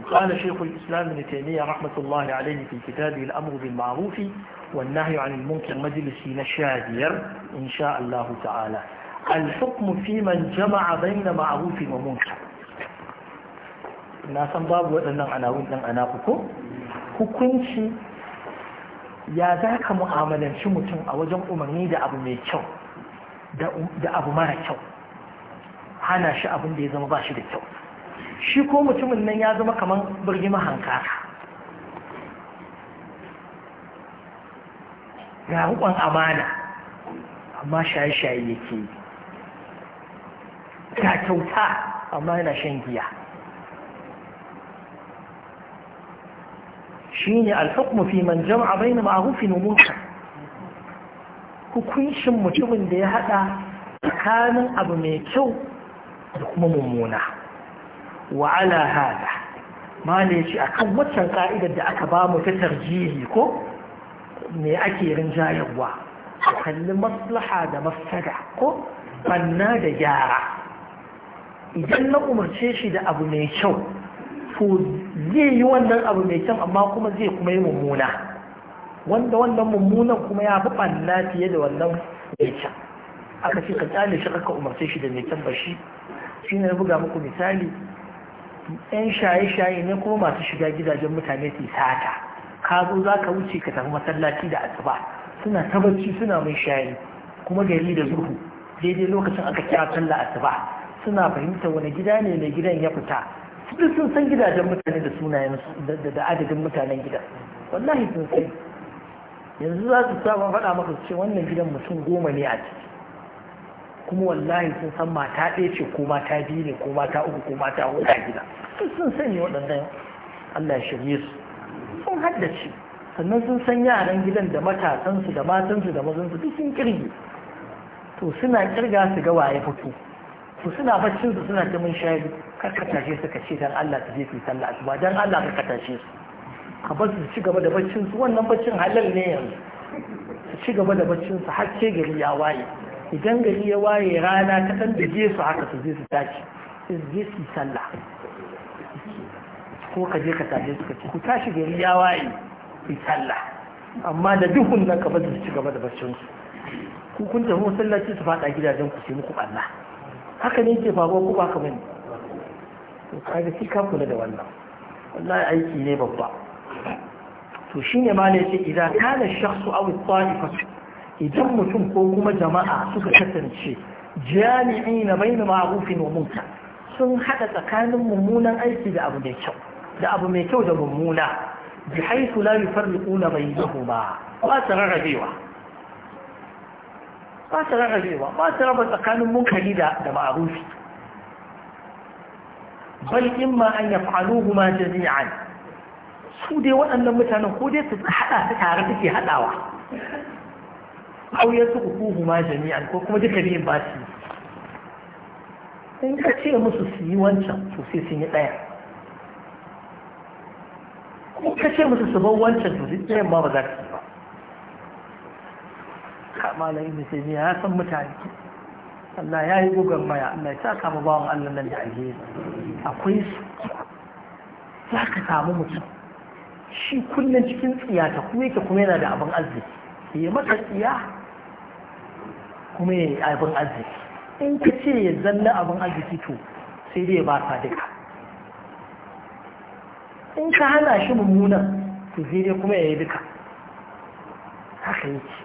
قال شيخ الإسلام ابن تيمية رحمة الله عليه في كتابه الأمر بالمعروف والنهي عن المنكر مجلسي نشادير إن شاء الله تعالى الحكم في من جمع بين معروف ومنكر na san babu waɗannan anawun ɗan ana ko hukunci ya za ka mu'amalanci mutum a wajen umarni da abu mai kyau da abu mara kyau hana shi abin da ya zama ba shi da kyau shi ko mutumin nan ya zama kamar birgima mahanka ga rukun amana amma shaye-shaye yake ga kyauta amma yana shan giya shi ne alfakmu fi man jama'a bai ma'arufin umurka hukuncin mutumin da ya haɗa tsakanin abu mai kyau da kuma mummuna wa ala hada mala akan waccan ka'idar da aka ba mu ta tarjihi ko me ake rinjayarwa kalli maslaha da mafsada ko banna da gyara idan na umarce shi da abu mai kyau to zai yi wannan abu mai kyau amma kuma zai kuma yi mummuna wanda wannan mummunan kuma ya fi banna fiye da wannan mai kyau aka ce ka tsale shi aka umarce shi da mai kyau ba shi shi na buga muku misali 'yan shaye-shaye ne kuma masu shiga gidajen mutane su sata ka zo za ka wuce ka tafi masallaci da asuba suna ta suna mai shayi kuma gari da zuhu daidai lokacin aka kira sallah asuba suna fahimta wani gida ne mai gidan ya fita duk sun san gidajen mutane da sunayen da adadin mutanen gidan wallahi sun sai yanzu za su saba faɗa maka ce wannan gidan mutum goma ne a ciki kuma wallahi sun san mata ɗaya ce ko mata biyu ne ko mata uku ko mata huɗu a gida sun sani waɗannan Allah ya shirye su sun haddace sannan sun san yaran gidan da matasansu da matansu da mazansu duk sun kirge to suna kirga su ga waye fito to suna baccin su suna ta mun shayi karkatashe su ka ce dan Allah ta je su sallah asuba dan Allah karkatashe su ka bar su ci gaba da baccin su wannan baccin halal ne yanzu su ci gaba da baccin su har ce gari ya waye idan gari ya waye rana ta ɗan da su haka su je su tashi su je su sallah ko ka je ka tashi suka ce ku tashi gari ya waye yi sallah amma da duhun nan kamar su ci gaba da barcinsu, ku kun tafi masallaci su faɗa gidajen ku sai muku ɓanna haka ne ke faruwa ku ba ka bane to kaga shi ka kula da wannan wallahi aiki ne babba to shine ma ne ce idan kana shakhsu aw ta'ifatu idan mutum ko kuma jama'a suka kasance jami'i na bai bainu ma'rufin wa munkar sun haɗa tsakanin mummunan aiki da abu mai kyau da abu mai kyau da mummuna bi haythu la yufarriquna bainahuma ba su rarrabewa ba su rarrabewa ba su raba tsakanin munkari da da ma'rufi bal imma an yaf'aluhuma jami'an su dai waɗannan mutanen ko dai su haɗa ta tare suke haɗawa. auyar su ku ma jami'an ko kuma duka biyun ba su in ka ce musu su yi wancan to sai sun yi ɗaya ko ka ce musu su bar wancan to sai ɗayan ma ba za su yi ba ka malai sai ne ya san mutane Allah ya yi gugan maya Allah ya saka mu bawan Allah nan da alheri akwai su za ka samu mutum shi kullum cikin tsiya ta kuma yake kuma yana da abin arziki ya maka tsiya kuma ya yi abin arziki in ka ce ya zanna abin arziki to sai dai ya ba ka duka in ka hana shi mummunan to sai dai kuma ya yi duka haka yake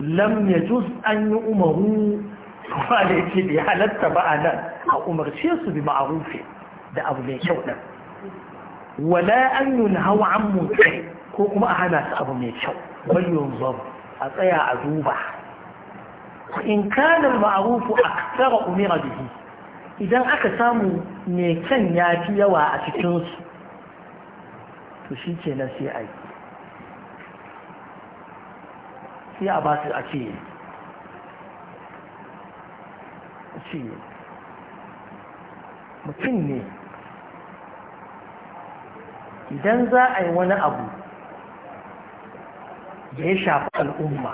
lam ya juz an yi umaru kuma da yake bai halatta ba a nan a umarce su bi ma'arufi da abu mai kyau ɗin wala an yi hawa an mutai ko kuma a hana su abu mai kyau bal yunzaru a tsaya a duba in kanar ma'arufu a tsara umira bihi idan aka samu mai kyan ya fi yawa a cikinsu to shi ke na sai a yi sai a ba su a ce ce mutum ne idan za a yi wani abu da ya shafi al'umma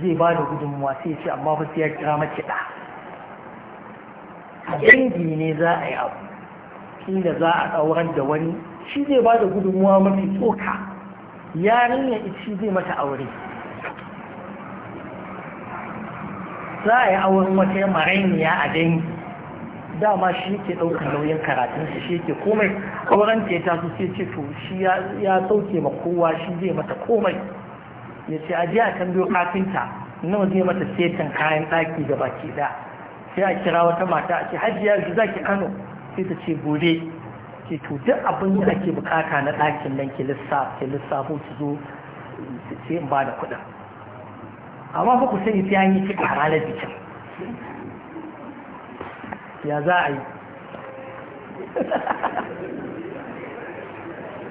zai ba da gudunmuwa sai ce amma ba sai ya kira makiɗa a dangi ne za a yi abu inda za a ɗauran da wani shi zai ba da gudunmuwa mafi tsoka yarinya ici zai mata aure za a yi auren wata marainiya a dangi dama shi ke ɗaukar nauyin karatun shi shi ke komai auren ta ya taso sai ce to shi ya sauke ma kowa shi zai mata komai ya ce aje a kan biyo kafinta nawa zai mata setan kayan ɗaki da baki da sai a kira wata mata a ce hajiya yi za ki kano sai ta ce gobe ke to duk abin da ake bukata na ɗakin nan ki lissafa ki lissafo ki zo sai in ba da kuɗin amma fa ku sani sai an yi kika ranar bikin ya za a yi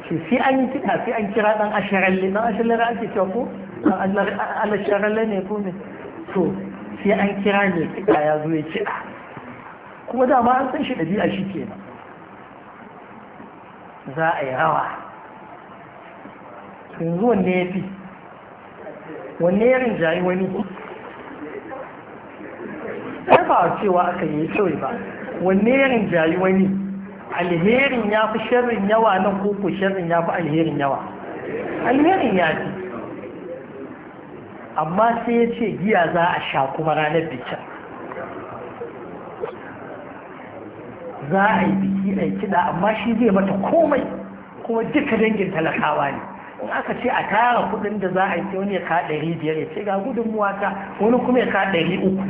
shi si an yi kiɗa sai an kira ɗan asharalle ɗan asharalle ake cewa ko alasharalle ne ko ne to si an kira ne kiɗa ya zo ya kiɗa kuma dama an san shi ɗabi'a shi kenan za a yi rawa yanzu wanne ya fi wanne ya rinjayi wani ai ba cewa aka yi kawai ba wanne yarin jayi wani alherin ya fi sharrin yawa nan ko ko sharrin ya fi alherin yawa alherin ya fi amma sai ya ce giya za a sha kuma ranar bikin za a yi biki a yi kiɗa amma shi zai mata komai kuma duka dangin talakawa ne in aka ce a tara kuɗin da za a yi wani ya ka ɗari biyar ya ce ga gudunmuwa ta wani kuma ya ka ɗari uku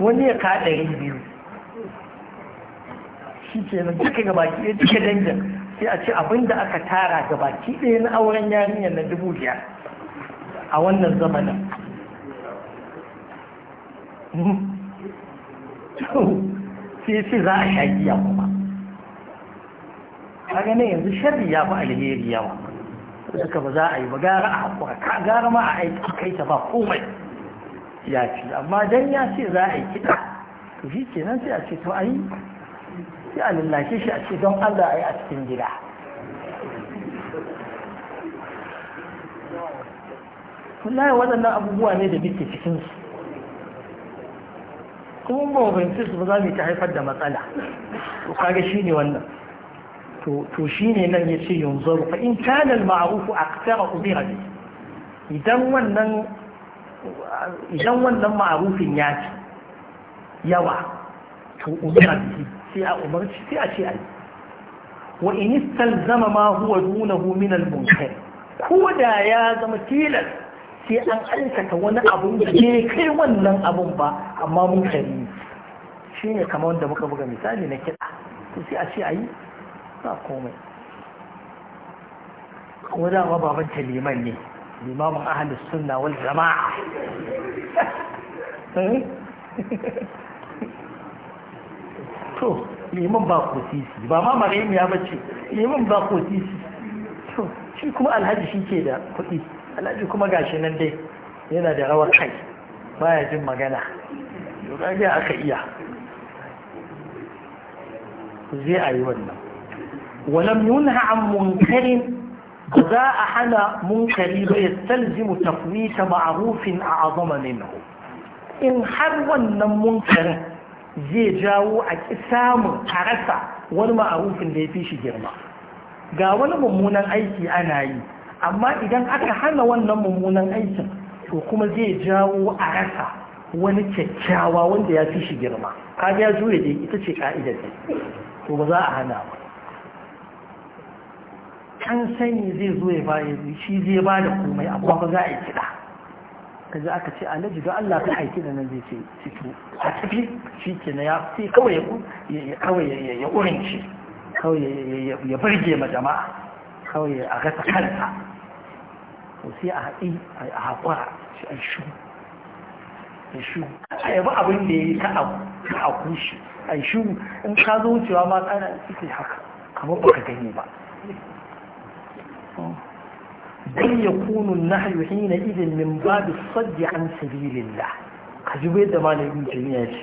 wani ya kaɗa ɗari biyu shi ke nan duka gabaki ɗaya duka dangin sai a ce abinda aka tara gabaki ɗaya na auren yarinyar na dubu biyar a wannan zamanin sai sai za a sha giya kuma a ganin yanzu sharri ya fi alheri yawa suka ba za a yi ba gara a haƙura gara ma a aiki kai ta ba komai ya ci amma dan ya ce za a yi kiɗa to shi ke nan sai a ce to a yi sai a shi a ce don Allah a yi a cikin gida wallahi waɗannan abubuwa ne da muke su, kuma ba fahimci su ba za mu ta haifar da matsala to kaga shi ne wannan to shi ne nan ya ce yanzu fa in kana al-ma'ruf aqtara ubira idan wannan idan wannan ma'arufin ya ci yawa to umira bihi sai a umarci sai a ce ai wa in istalzama ma huwa dunahu min al-munkar ko da ya zama tilas sai an aikata wani abun da ke kai wannan abun ba amma mun kari ne kamar wanda muka buga misali na kiɗa to sai a ce ai ba komai ko da ma baban liman ne limamin ahalus sunna wal jama'a to liman ba ko ba ma marayin ya bace liman ba ko to shi kuma alhaji shi ke da kuɗi alhaji kuma gashi nan dai yana da rawar kai baya jin magana yau aka iya zai a yi wannan ولم ينهى عن منكر za a hana munkari ba ya talzimu ta ma'arufin a azama in har wannan munkarin zai jawo a ƙi samun a rasa wani ma'arufin da ya fi shi girma ga wani mummunan aiki ana yi amma idan aka hana wannan mummunan aikin to kuma zai jawo a rasa wani kyakkyawa wanda ya fi shi girma kaga ya juya da ita ce ka'idar to ba za a hana ba an sani zai zo ya baya shi zai ba da komai amma ba za a yi kiɗa kaji aka ce alaji don Allah ka aiki da nan zai ce fito a tafi shi ke na ya fi kawai ya kawai ya burge ma jama'a kawai a gasa kansa to sai a haɗi a haƙura shi a shu a shu a yabi abin da ya yi ta a kushi a shu in ka zo wucewa ma tsana suke haka kamar baka gani ba أه. بل يكون النحل حينئذ من باب الصد عن سبيل الله كجبير ده ما نبين جميعش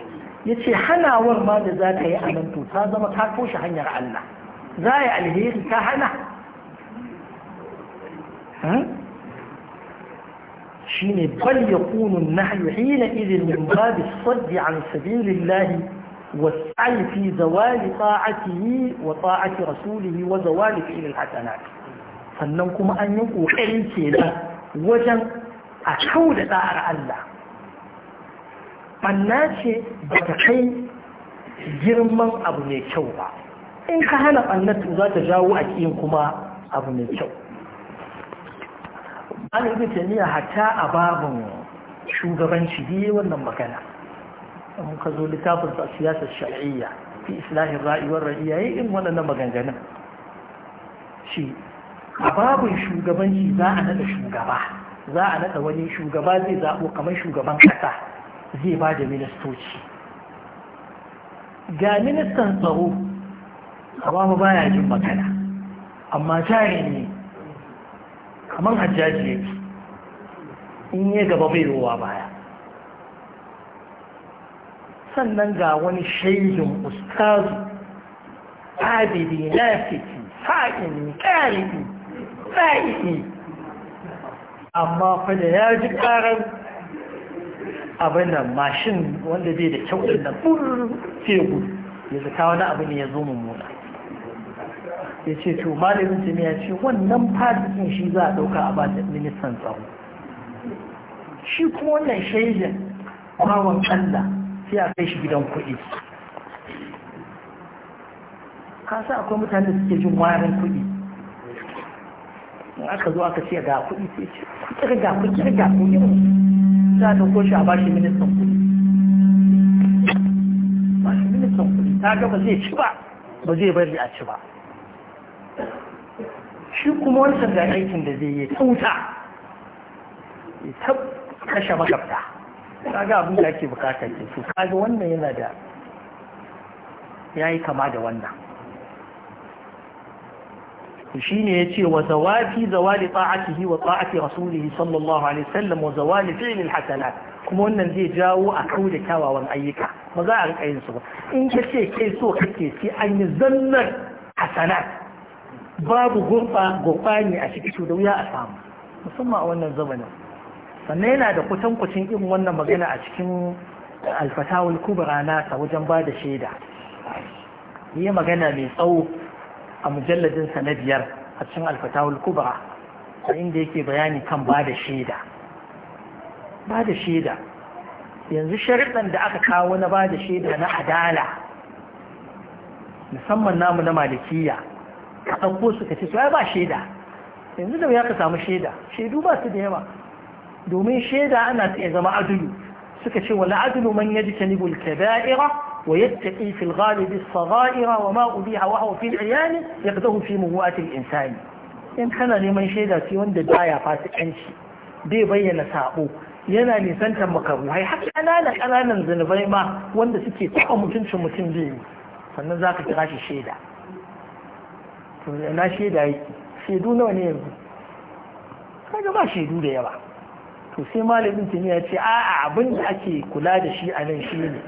يتشي حنا ورما ذاك يا أمنتو هذا ما تحكوش حن يرعلنا زايع الهيغ كحنا ها؟ أه؟ شيني بل يكون النحل حينئذ من باب الصد عن سبيل الله والسعي في زوال طاعته وطاعة رسوله وزوال فعل الحسنات sannan kuma an yi ƙoƙari kenan wajen a kau da ɗa'ar Allah ɓanna ce ba ta kai girman abu mai kyau ba in ka hana ɓannatu za ta jawo a ƙin kuma abu mai kyau an yi niya hata a babin shugabanci biye wannan magana in ka zo littafin sa siyasar shari'iyya fi islahin ra'iwar raiyayi in waɗannan maganganun shi a babin shugabanci za a naɗa shugaba za a naɗa wani shugaba zai zaɓo kamar shugaban ƙasa zai ba da ministoci ga ministan tsaro a ba ya jin magana amma jari ne kamar hajjaji yake in ya gaba bai ruwa baya sannan ga wani shaidun ustazu abidi na fiti sa'in ƙaribi ɗa'i'i amma fada ya ji ƙarar abin mashin wanda zai da kyau ɗin nan fegu ya zata wani abu ne ya zo mummuna ya ce to malamin jami ya ce wannan fadikin shi za a ɗauka a bada ministan tsawo shi kuma wannan shaidan kwawon kalla sai a kai shi gidan kuɗi kasa akwai mutane da suke jin warin kuɗi aka zo aka ce ga kuɗi sai ce ku kirga ku ga ku ne za a ɗauko shi a bashi ministan kuɗi bashi ministan kuɗi ta ga ba zai ci ba ba zai bari a ci ba shi kuma wancan ga aikin da zai yi ta wuta ta kashe magabta ta ga abin da ake bukatar ke su kaga wannan yana da ya yi kama da wannan shine yace wa zawati zawali ta'atihi wa ta'ati rasulihi sallallahu alaihi wasallam wa zawali fi'l hasanat. kuma wannan zai jawo a kauda kyawawan ayyuka ba za a rika yin su ba in ce kai so kake sai an yi zannar hasanat babu gurba gurbani a cikin da wuya a samu musamman a wannan zamanin sannan yana da kutankucin irin wannan magana a cikin alfatawul kubra nasa wajen ba da shaida yi magana mai tsawo a mujalladin na biyar a cikin alfatahul kubra a inda yake bayani kan ba da shaida ba da shaida yanzu sharuɗan da aka kawo na ba da shaida na adala musamman namu na malikiya ka ɗauko su ka ce su ba shaida yanzu da ya ka samu shaida shaidu ba su da yawa domin shaida ana iya zama adulu suka ce wala adulu man yaji kanibul kaba'ira ويتقي في الغالب الصغائر وما أبيح وهو في العيان يقده في مهوات الإنسان in kana neman shaida ce wanda baya fasikanci bai bayyana sabo yana nisantar makaruhai har ƙananan ƙananan zunubai ma wanda suke taɓa mutuncin mutum biyu sannan za ka kira shi shaida na shaida yake shaidu nawa ne yanzu kaga ba shaidu da yawa to sai malamin tuniya ce a'a abinda ake kula da shi anan nan shi ne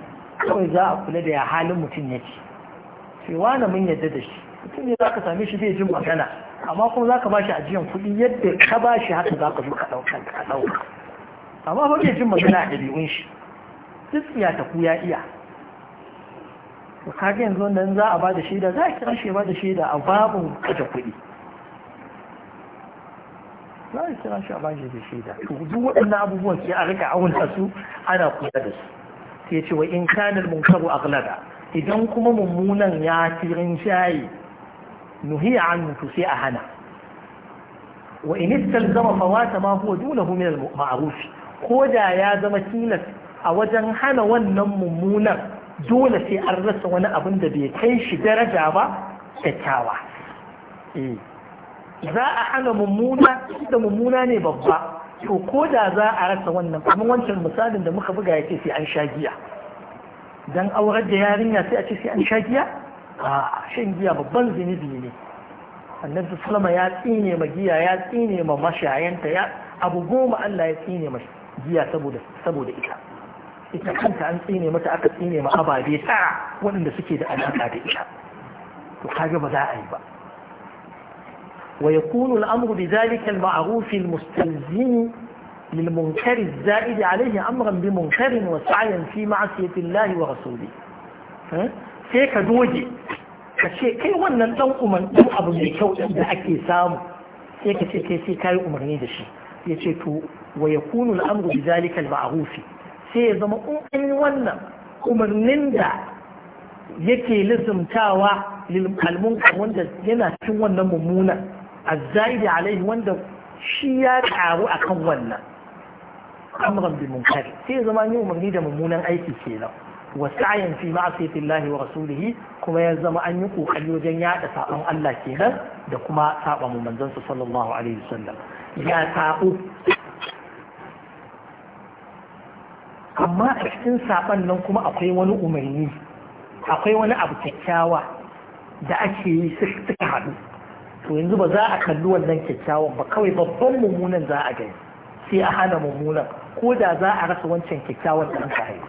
kawai za a kula da ya halin mutum ya ce sai wani mun yadda da shi mutum ne za ka same shi zai jin magana amma kuma za ka ba shi ajiyan kuɗi yadda ka ba shi haka za ka zo ka ɗauka ka ɗauka amma ba zai jin magana a ɗabi'un shi duk ya ku ya iya to kaga yanzu nan za a ba da shaida za a kira shi ba da shaida a babin kaje kuɗi za a kira shi a ba shi da shaida to duk waɗannan abubuwan ke a rika auna su ana kula da su ya ce wa in kanil munkaru aghlaba idan kuma mummunan ya tirin shayi nuhiya an to sai a hana wa in istalzama fawata ma huwa dunahu min al-ma'ruf ko da ya zama tilas a wajen hana wannan mummunan dole sai an rasa wani abin da bai kai shi daraja ba kyakkyawa eh, za a hana mummuna da mummuna ne babba to ko da za a rasa wannan kuma wancan misalin da muka buga ya ce sai an sha giya dan aurar da yarinya sai a ce sai an sha giya a shan giya babban zunubi ne annabi sulama ya tsine ma giya ya tsine ma mashayanta ya abu goma Allah ya tsine ma giya saboda saboda ita ita kanta an tsine mata aka tsine ma ababe tara waɗanda suke da alaƙa da ita to kage ba za a yi ba ويكون الأمر بذلك المعروف المستلزم للمنكر الزائد عليه أمرا بمنكر وسعيا في معصية الله ورسوله sai ka doge ka ce kai wannan dan umar dan abu kyau da ake samu sai ka kai sai kayi umarni da shi ya ce to wa yakunu al-amru sai ya zama in wannan umarnin da yake lizumtawa lil wanda yana cikin wannan mummunan الزائد عليه وند شيا تعارو أكن ولا أمرا بالمنكر في زمان يوم نيدا ممونا أي كيلا وسعيا في معصية الله ورسوله كما يلزم أن يقو خليو جنيا تساقم الله كيلا دكما ساقم من زنس صلى الله عليه وسلم يا تاقو amma a cikin saɓan nan kuma akwai wani umarni akwai wani abu kyakkyawa da ake yi suka haɗu to yanzu ba za a kalli wannan kyakkyawan ba kawai babban mummunan za a gani sai a hana mummunan ko da za a rasa wancan kyakkyawan da aka haihu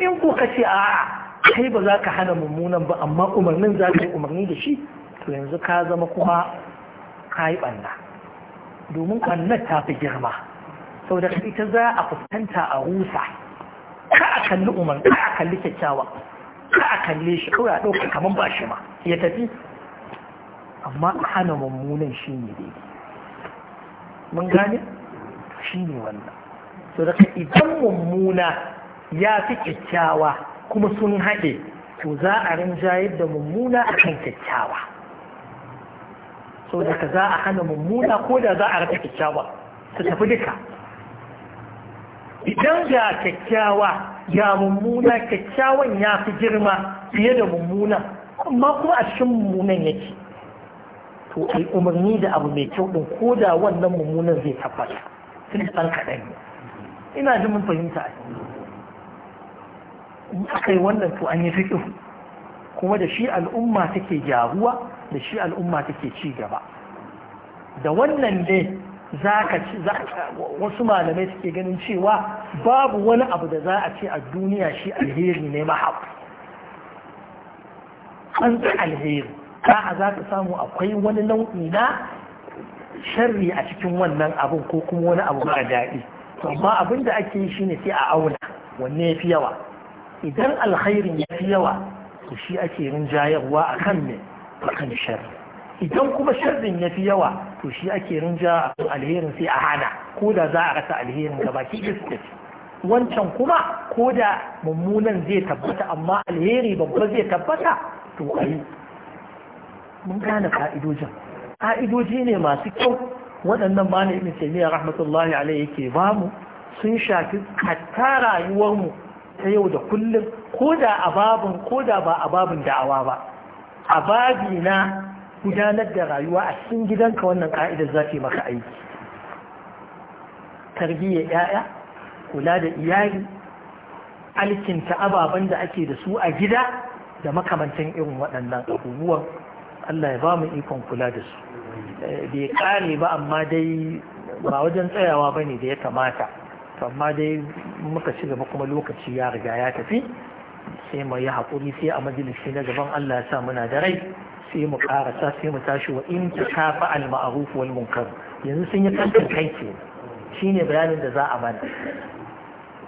in ko ka ce a'a kai ba za ka hana mummunan ba amma umarnin za ka yi umarni da shi to yanzu ka zama kuma ka yi ɓanna domin ɓannar ta fi girma sau da ita za a fuskanta a rusa ka a kalli umar ka a kalli kyakkyawa ka a kalle shi kawai a ɗauka kamar ba shi ma ya tafi amma a hana mummunan shi ne dai mun gane shi ne wannan so daga idan mummuna ya fi kyakkyawa kuma sun haɗe to za a rinjayar da mummuna a kan kyakkyawa so daga za a hana mummuna ko da za a rata kyakkyawa su tafi duka idan ga kyakkyawa ya mummuna kyakkyawan ya fi girma fiye da mummuna amma kuma a cikin mummunan yake to ai umarni da abu mai kyau din ko da wannan mummunan zai tabbata tun ɗan kaɗan ne ina ji mun fahimta a in aka yi wannan to an yi fiƙi kuma da shi al'umma take gyaruwa da shi al'umma take ci gaba da wannan ne za ka wasu malamai suke ganin cewa babu wani abu da za a ce a duniya shi alheri ne mahaf an alheri a'a za ka samu akwai wani nau'i na sharri a cikin wannan abin ko kuma wani abu mara daɗi amma abin da ake yi shine sai a auna wanne ya fi yawa idan alkhairin ya fi yawa to shi ake rinjayarwa a kan ne a kan sharri idan kuma sharrin ya fi yawa to shi ake rinja a kan alherin sai a hana ko da za a rasa alherin gaba ki iska wancan kuma ko da mummunan zai tabbata amma alheri babba zai tabbata to ayi. mun gane ka'idojin ka'idoji ne masu kyau waɗannan ba na ibn rahmatullahi alai yake ba mu sun shafi hatta mu ta yau da kullum ko da a ko da ba a da'awa ba a babi na gudanar da rayuwa a cikin gidanka wannan ka'idar za ta maka aiki tarbiyyar ya'ya kula da iyali alkinta ababen da ake da su a gida da makamantan irin waɗannan abubuwan Allah ya ba mu ikon kula da su bai kare ba amma dai ba wajen tsayawa ba ne da ya kamata amma dai muka ci gaba kuma lokaci ya riga ya tafi sai mu yi haƙuri sai a majalisi na gaban Allah ya sa muna da rai sai mu karasa sai mu tashi wa in ta kafa al ma'ruf wal munkar yanzu sun yi kankan kai ce shine bayanin da za a mana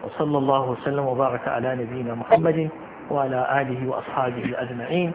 wa sallallahu wa baraka ala nabiyina muhammadin wa ala alihi wa ashabihi ajma'in